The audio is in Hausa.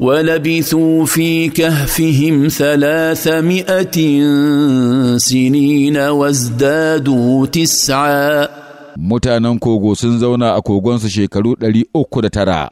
ولبثوا في كهفهم ثلاثمائة سنين وازدادوا تسعا متانا كوغو سنزونا أكوغونس شيكالو للي أوكو ترى